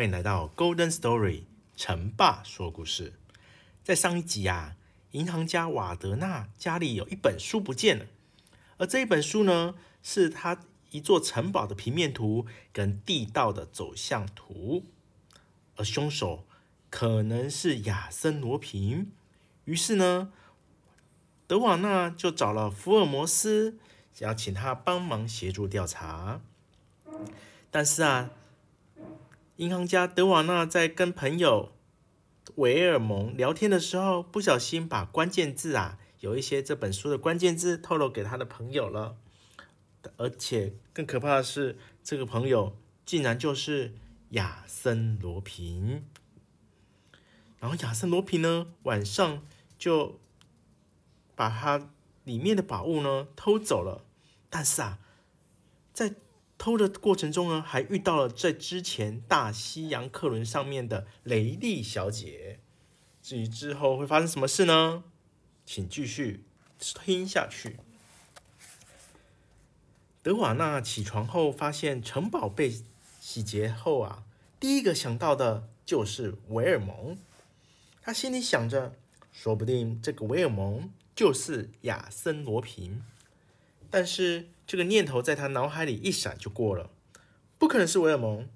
歡迎來到《Golden Story》，城霸說故事。在上一集啊，銀行家瓦德納家裡有一本書不見了，而這一本書呢，是他一座城堡的平面圖跟地道的走向圖，而凶手可能是亞森·羅蘋。於是呢，德瓦納就找了福爾摩斯，想要請他幫忙協助調查。但是啊。銀行家德瓦納在跟朋友維爾蒙聊天的時候，不小心把關鍵字啊，有一些這本書的關鍵字透露給他的朋友了。而且更可怕的是，這個朋友竟然就是亞森羅蘋。然後亞森羅蘋呢，晚上就把他裡面的寶物呢偷走了。但是啊，在偷的過程中呢，還遇到了在之前大西洋客輪上面的雷利小姐。至於之後會發生什麼事呢？請繼續聽下去。德瓦納起床後發現城堡被洗劫後啊，第一個想到的就是維爾蒙。他心裡想着，說不定這個維爾蒙就是亞森羅蘋。但是這個念頭在他腦海裡一閃就過了，不可能是維爾蒙，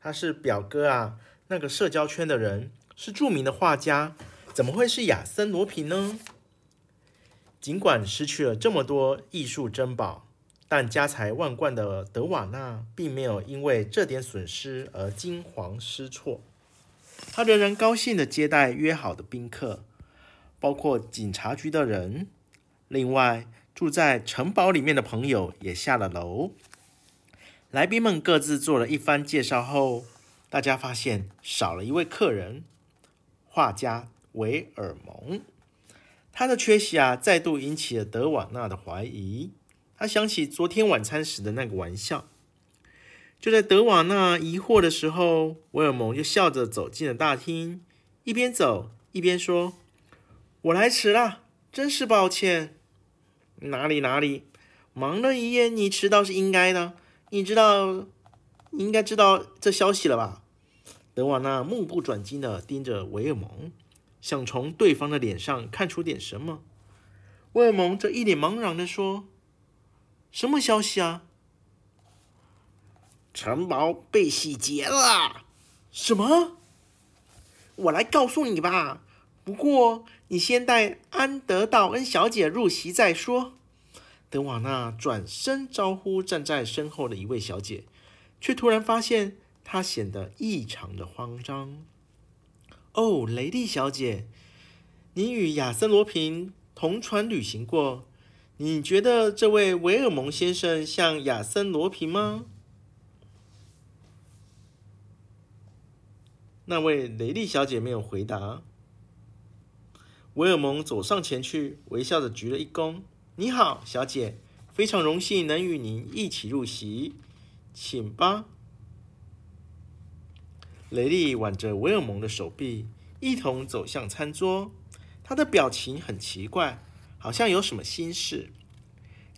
他是表哥啊，那個社交圈的人，是著名的畫家，怎麼會是亞森羅蘋呢？儘管失去了這麼多藝術珍寶，但家財萬貫的德瓦納並沒有因為這點損失而驚慌失措，他仍然高興地接待約好的賓客，包括警察局的人，另外，住在城堡裡面的朋友也下了樓。來賓們各自做了一番介紹後，大家發現少了一位客人——畫家維爾蒙。他的缺席啊，再度引起了德瓦納的懷疑。他想起昨天晚餐時的那個玩笑。就在德瓦納疑惑的時候，維爾蒙就笑着走進了大廳，一邊走一邊說：“我來遲了，真是抱歉。”哪裡哪裡，忙了一夜，你遲到是應該的。你知道，你應該知道這消息了吧？德瓦納目不轉睛地盯着維爾蒙，想從對方的臉上看出點什麼。維爾蒙則一臉茫然的說：“什麼消息啊？城堡被洗劫了？什麼？我來告訴你吧。不過……”你先帶安德道恩小姐入席再說。德瓦娜轉身招呼站在身後的一位小姐，卻突然發現她顯得異常的慌張。哦，雷利小姐，你與亞森羅蘋同船旅行過，你覺得這位維爾蒙先生像亞森羅蘋嗎？那位雷利小姐沒有回答。威爾蒙走上前去，微笑着鞠了一躬。“你好，小姐，非常榮幸能與您一起入席，請吧。”雷利挽着威爾蒙的手臂，一同走向餐桌。他的表情很奇怪，好像有什麼心事。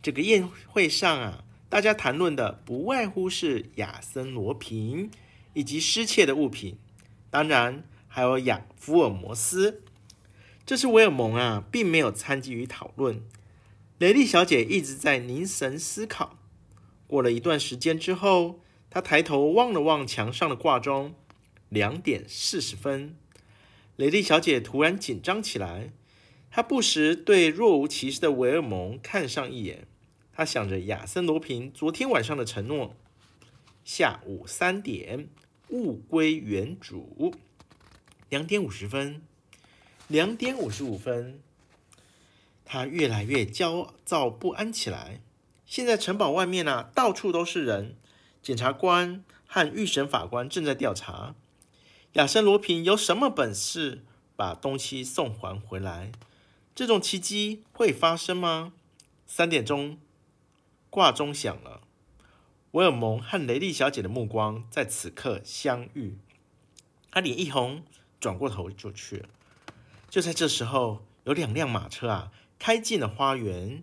這個宴會上啊，大家談論的不外乎是亞森·羅蘋以及失竊的物品，當然還有亞福爾摩斯。這是維爾蒙啊，並沒有參與討論。雷利小姐一直在凝神思考。過了一段時間之後，她抬頭望了望牆上的掛鐘，兩點四十分。雷利小姐突然緊張起來，她不時對若無其事的維爾蒙看上一眼。她想着亞森羅蘋昨天晚上的承諾：下午三點物歸原主。兩點五十分。兩點五十五分，他越來越焦躁不安起來。現在城堡外面呢、啊，到處都是人，檢察官和預審法官正在調查亞森·羅蘋有什麼本事把東西送還回來。這種奇蹟會發生嗎？三點鐘，掛鐘響了。維爾蒙和雷利小姐的目光在此刻相遇，他臉一紅，轉過頭就去了。就在這時候，有兩輛馬車啊開進了花園，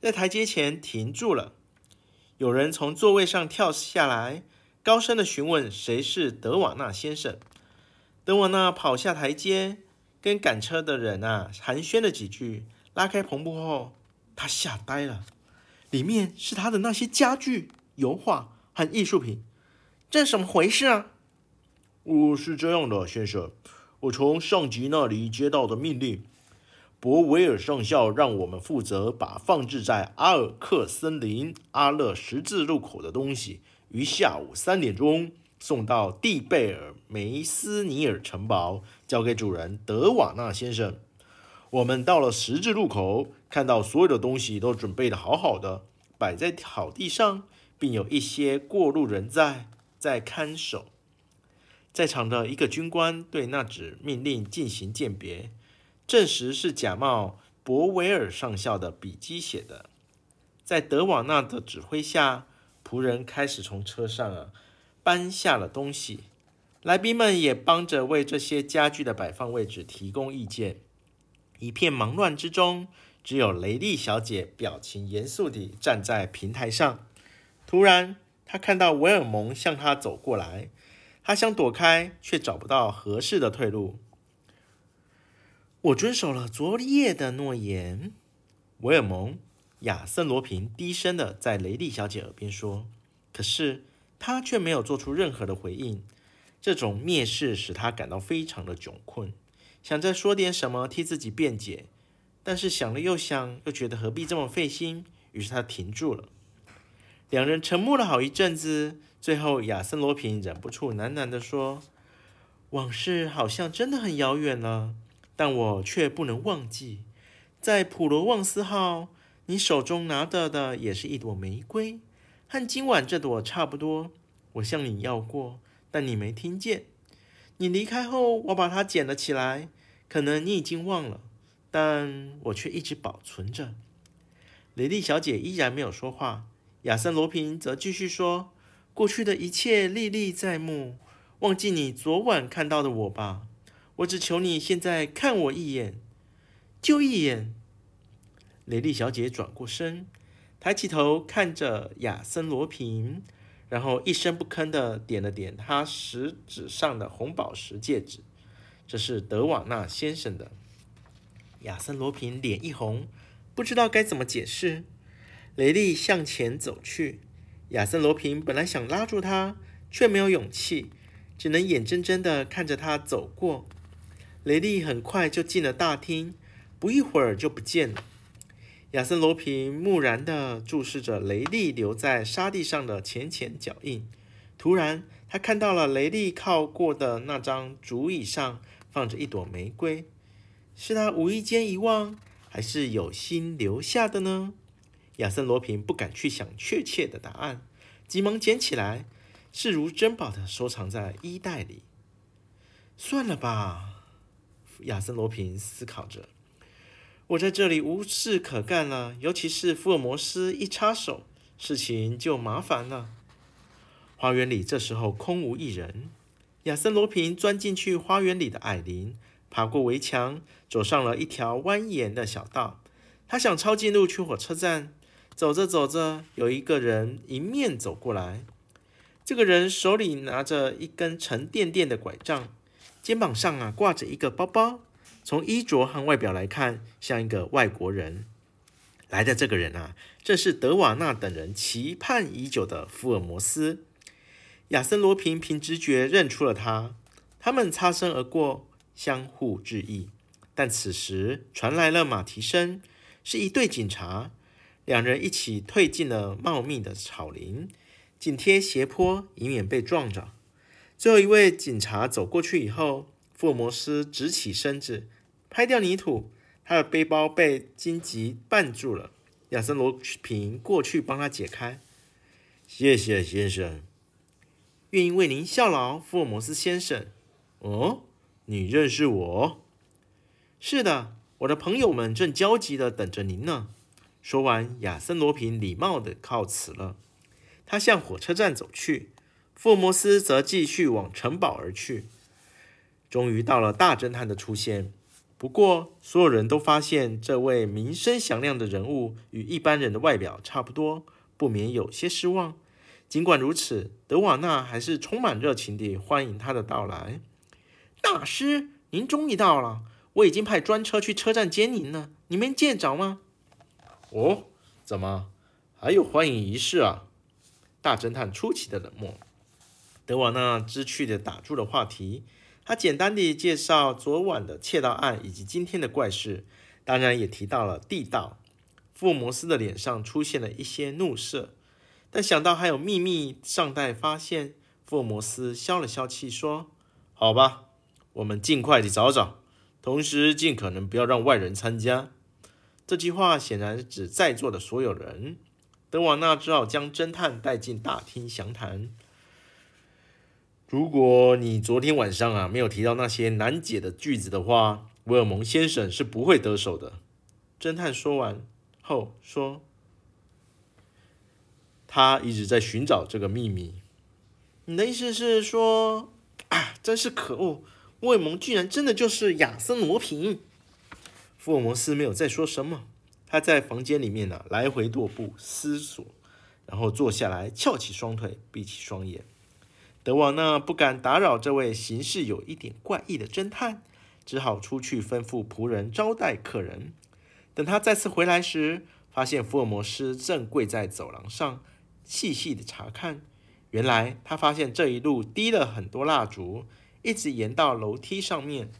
在台階前停住了。有人從座位上跳下來，高聲的詢問：“誰是德瓦納先生？”德瓦納跑下台階，跟趕車的人啊寒暄了幾句，拉開篷布後，他嚇呆了，裡面是他的那些家具、油畫和藝術品。這是什麼回事啊？哦，是這樣的，先生。我從上級那裡接到的命令，博維爾上校讓我們負責把放置在阿爾克森林阿勒十字路口的東西，於下午三點鐘送到蒂貝爾梅斯尼爾城堡，交給主人德瓦納先生。我們到了十字路口，看到所有的東西都準備得好好的，擺在草地上，並有一些過路人在在看守。在場的一個軍官對那紙命令進行鑑別，證實是假冒博維爾上校的筆迹寫的。在德瓦納的指揮下，僕人開始從車上啊搬下了東西。來賓們也幫着為這些家具的擺放位置提供意見。一片忙亂之中，只有雷利小姐表情嚴肅地站在平台上。突然，她看到維爾蒙向她走過來。他想躲開，卻找不到合適的退路。我遵守了昨夜的諾言，維爾蒙·亞森羅平低聲的在雷利小姐耳邊說。可是他卻沒有做出任何的回應，這種蔑視使他感到非常的窘困，想再說點什麼替自己辯解，但是想了又想，又覺得何必這麼費心，於是他停住了。兩人沉默了好一陣子。最後，亞森羅平忍不住喃喃地說：“往事好像真的很遙遠了，但我卻不能忘記。在普羅旺斯號，你手中拿着的也是一朵玫瑰，和今晚這朵差不多。我向你要過，但你沒聽見。你離開後，我把它撿了起來。可能你已經忘了，但我卻一直保存着。”雷利小姐依然沒有說話，亞森羅平則繼續說。過去的一切歷歷在目，忘記你昨晚看到的我吧。我只求你現在看我一眼，就一眼。雷利小姐轉過身，抬起頭看着亞森羅蘋，然後一聲不吭地點了點他食指上的紅寶石戒指，這是德瓦納先生的。亞森羅蘋臉一紅，不知道該怎麼解釋。雷利向前走去。亞森·羅蘋本來想拉住他，卻沒有勇氣，只能眼睜睜的看着他走過。雷利很快就進了大廳，不一會兒就不見了。亞森·羅蘋木然的注視着雷利留在沙地上的淺淺腳印，突然，他看到了雷利靠過的那張竹椅上放着一朵玫瑰，是他無意間遺忘，還是有心留下的呢？亞森·羅蘋不敢去想確切的答案，急忙撿起來，視如珍寶地收藏在衣袋裡。算了吧，亞森·羅蘋思考着，我在這裡無事可幹了，尤其是福爾摩斯一插手，事情就麻煩了。花園裡這時候空無一人，亞森·羅蘋鑽進去花園裡的矮林，爬過圍牆，走上了一條蜿蜒的小道。他想抄近路去火車站。走着走着，有一個人迎面走過來。這個人手裡拿着一根沉甸甸的拐杖，肩膀上啊掛着一個包包。從衣着和外表來看，像一個外國人。來的這個人啊，正是德瓦納等人期盼已久的福爾摩斯。亞森·羅平憑直覺認出了他。他們擦身而過，相互致意。但此時傳來了馬蹄聲，是一隊警察。兩人一起退進了茂密的草林，緊貼斜坡，以免被撞着。最後一位警察走過去以後，福爾摩斯直起身子，拍掉泥土。他的背包被荊棘絆，絆住了，亞森·羅平過去幫他解開。謝謝，先生，願意為您效勞，福爾摩斯先生。哦，你認識我？是的，我的朋友們正焦急地等着您呢。說完，亞森·羅平禮貌地告辭了。他向火車站走去，福爾摩斯則繼續往城堡而去。終於到了大偵探的出現，不過所有人都發現這位名聲響亮的人物與一般人的外表差不多，不免有些失望。儘管如此，德瓦納還是充滿熱情地歡迎他的到來：“大師，您終於到了！我已經派專車去車站接您了，你沒見着嗎？”哦，怎麼還有歡迎儀式啊？大偵探出奇的冷漠。德瓦納知趣的打住了話題。他簡單地介紹昨晚的竊盜案以及今天的怪事，當然也提到了地道。福爾摩斯的臉上出現了一些怒色，但想到還有秘密尚待發現，福爾摩斯消了消氣說：“好吧，我們盡快的找找，同時盡可能不要讓外人參加。”這句話顯然指在座的所有人。德瓦納只好將偵探帶進大廳詳談。如果你昨天晚上啊沒有提到那些難解的句子的話，威爾蒙先生是不會得手的。偵探說完後說：“他一直在尋找這個秘密。”你的意思是說，啊，真是可惡！威爾蒙居然真的就是亞森羅蘋。福爾摩斯沒有再說什麼，他在房間裡面呢、啊、來回踱步思索，然後坐下來，翹起雙腿，閉起雙眼。德王呢不敢打擾這位行事有一點怪異的偵探，只好出去吩咐僕人招待客人。等他再次回來時，發現福爾摩斯正跪在走廊上，細細的查看。原來他發現這一路滴了很多蠟燭，一直延到樓梯上面。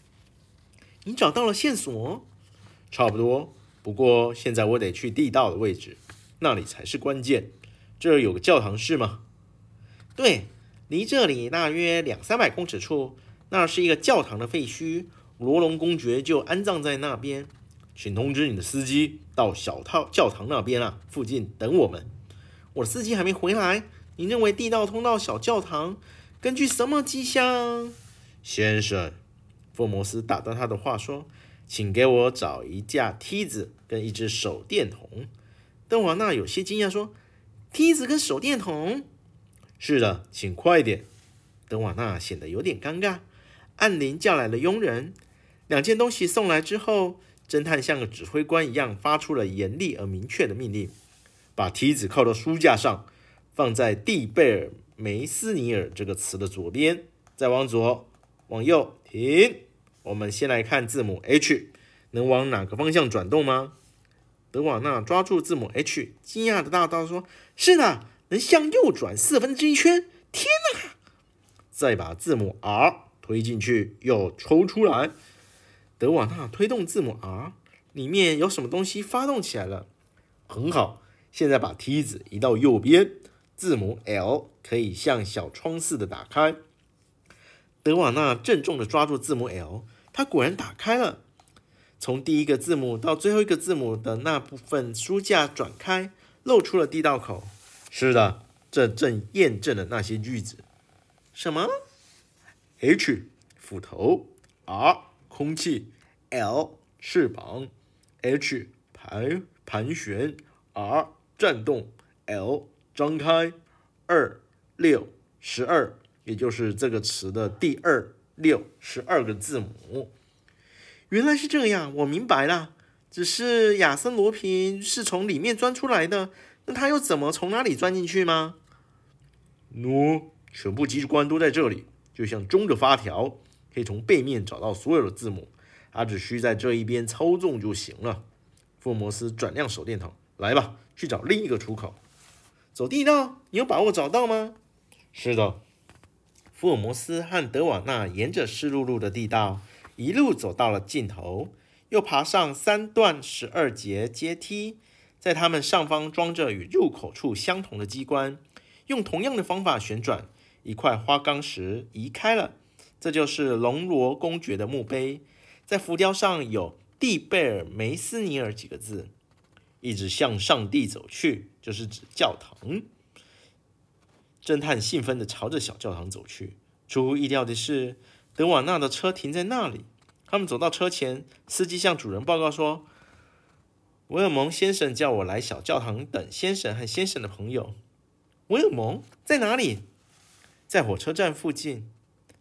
你找到了線索？差不多，不過現在我得去地道的位置，那裡才是關鍵。這兒有個教堂是嗎？對，離這裡大約兩三百公尺處，那是一個教堂的廢墟，羅龍公爵就安葬在那邊。請通知你的司機到小套教堂那邊啊。附近等我們。我的司機還沒回來。你認為地道通到小教堂？根據什麼跡象，先生？福摩斯打斷他的話說。請給我找一架梯子跟一支手電筒。鄧瓦納有些驚訝說：“梯子跟手電筒？”是的，請快點。鄧瓦納顯得有點尷尬。按鈴叫來了傭人。兩件東西送來之後，偵探像個指揮官一樣發出了嚴厲而明確的命令：“把梯子靠到書架上，放在‘蒂貝爾梅斯尼爾’這個詞的左邊，再往左，往右，停。”我們先來看字母 H 能往哪個方向轉動嗎？德瓦納抓住字母 H，驚訝的大叫說：“是的，能向右轉四分之一圈。”天哪！再把字母 R 推進去又抽出來。德瓦納推動字母 R，裡面有什麼東西發動起來了？很好，現在把梯子移到右邊，字母 L 可以像小窗似的打開。德瓦納鄭重地抓住字母 L。它果然打開了，從第一個字母到最後一個字母的那部分書架轉開，露出了地道口。是的，這正驗證了那些句子：什麼？H 斧頭，R 空氣，L 翅膀，H 盤盤旋，R 轉動，L 張開。二六十二，也就是這個詞的第二。六十二個字母，原來是這樣，我明白了。只是亞森羅蘋是從裡面鑽出來的，那他又怎麼從哪裡鑽進去嗎？喏、no.，全部機關都在這裡，就像鐘的發條，可以從背面找到所有的字母，他只需在這一邊操縱就行了。福爾摩斯轉亮手電筒，來吧，去找另一個出口，走地道，你有把握找到嗎？是的。福爾摩斯和德瓦納沿着濕漉漉的地道，一路走到了盡頭，又爬上三段十二節階梯，在它們上方裝着與入口處相同的機關，用同樣的方法旋轉，一塊花崗石移開了。這就是龍羅公爵的墓碑，在浮雕上有蒂貝爾梅斯尼爾幾個字，一直向上帝走去，就是指教堂。偵探興奮地朝着小教堂走去。出乎意料的是，德瓦納的車停在那裡。他們走到車前，司機向主人報告說：“威爾蒙先生叫我來小教堂等先生和先生的朋友。”“威爾蒙在哪裡？”“在火車站附近。”“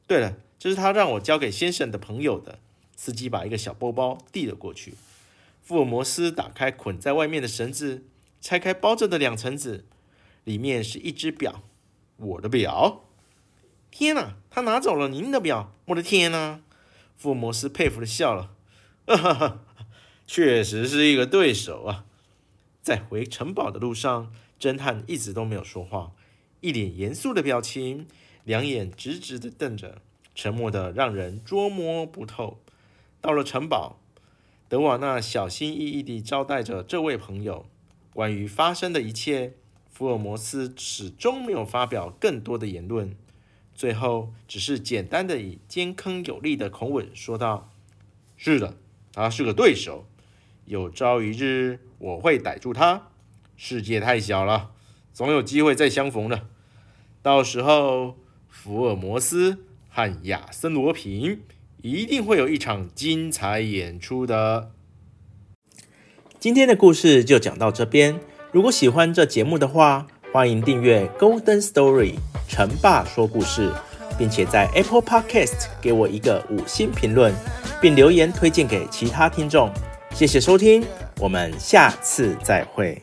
對了，這是他讓我交給先生的朋友的。”司機把一個小包包遞了過去。福爾摩斯打開捆在外面的繩子，拆開包着的兩層紙，裡面是一隻表。我的表！天哪，他拿走了您的表！我的天哪！福爾摩斯佩服的笑了，哈哈，確實是一個對手啊。在回城堡的路上，偵探一直都沒有說話，一臉嚴肅的表情，兩眼直直的瞪着，沉默的讓人捉摸，不透。到了城堡，德瓦納小心翼翼地招待着這位朋友，關於發生的一切。福爾摩斯始終沒有發表更多的言論，最後只是簡單的以堅鏗有力的口吻說道：“是的，他是個對手，有朝一日我會逮住他。世界太小了，總有機會再相逢的。到時候，福爾摩斯和亞森·羅平一定會有一場精彩演出的。”今天的故事就講到這邊。如果喜歡這節目的話，歡迎訂閱《Golden Story》陳爸說故事，並且在 Apple Podcast 給我一個五星評論，並留言推薦給其他聽眾。謝謝收聽，我們下次再會。